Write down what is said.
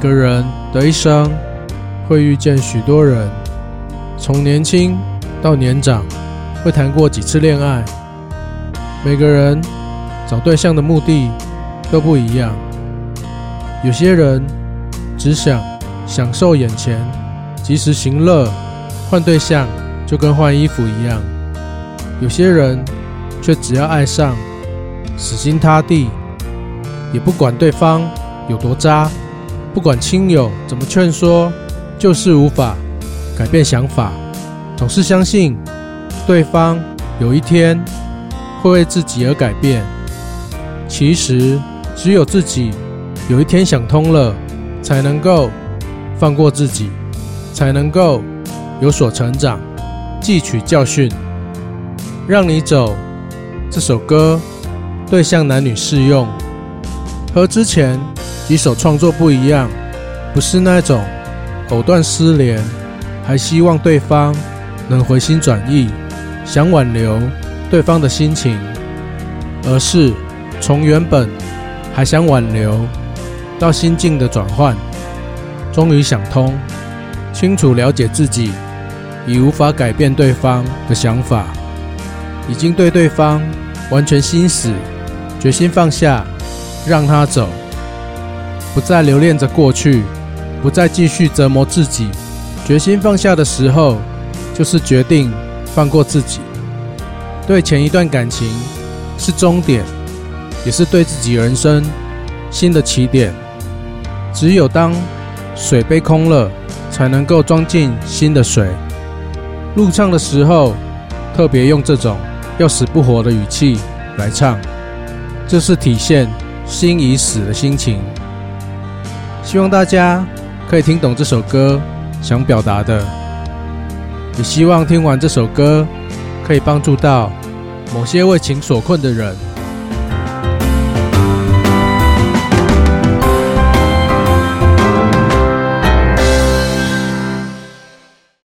每個人的一生，會遇見許多人，從年輕到年長，會談過幾次戀愛。每個人找對象的目的都不一樣。有些人只想享受眼前，及時行樂，換對象就跟換衣服一樣。有些人卻只要愛上，死心塌地，也不管對方有多渣。不管親友怎麼勸說，就是無法改變想法，總是相信對方有一天會為自己而改變。其實只有自己有一天想通了，才能夠放過自己，才能夠有所成長，汲取教訓。讓你走這首歌，對象男女適用，和之前。一首創作不一樣，不是那種藕斷絲連，還希望對方能回心轉意，想挽留對方的心情，而是從原本還想挽留，到心境的轉換，終於想通，清楚了解自己，已無法改變對方的想法，已經對對方完全心死，決心放下，讓他走。不再留戀着過去，不再繼續折磨自己。決心放下的時候，就是決定放過自己。對前一段感情是終點，也是對自己人生新的起點。只有當水杯空了，才能夠裝進新的水。錄唱的時候，特別用這種要死不活的語氣來唱，這、就是體現心已死的心情。希望大家可以聽懂這首歌想表達的，也希望聽完這首歌可以幫助到某些為情所困的人。